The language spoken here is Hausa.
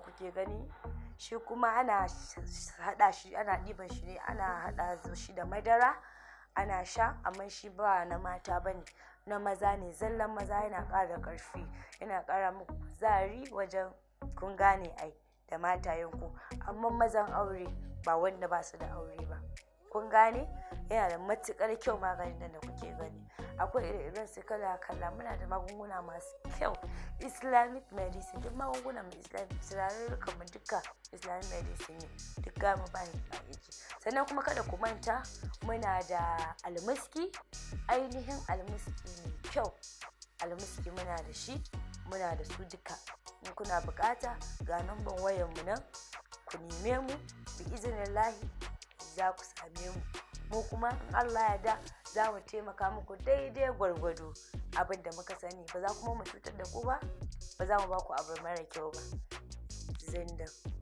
da kuke gani shi kuma ana hada shi ana diban shi ne ana hada shi da madara ana sha amma shi ba na mata bane na maza ne zallan maza yana ƙara karfi yana kara muku kuzari wajen kun gane ai da matayenku amma mazan aure ba wanda ba su da aure ba kun gane yana da matukar kyau maganin nan da kuke gani akwai ire-iren su kala kala muna da magunguna masu kyau islamic medicine duk magunguna mu islamic rukan mu duka islamic medicine ne duk gamu ba yaji sannan kuma kada ku manta muna da almuski ainihin almuski mai kyau almuski muna da shi muna da su duka in kuna bukata ga numban wayan mu nan ku neme mu bi izinin lahi za ku same mu mu kuma in Allah ya da za mu taimaka muku daidai gwargwado abin da muka sani ba za kuma mu cutar da ku ba ba za mu ba ku abu mara kyau ba zindan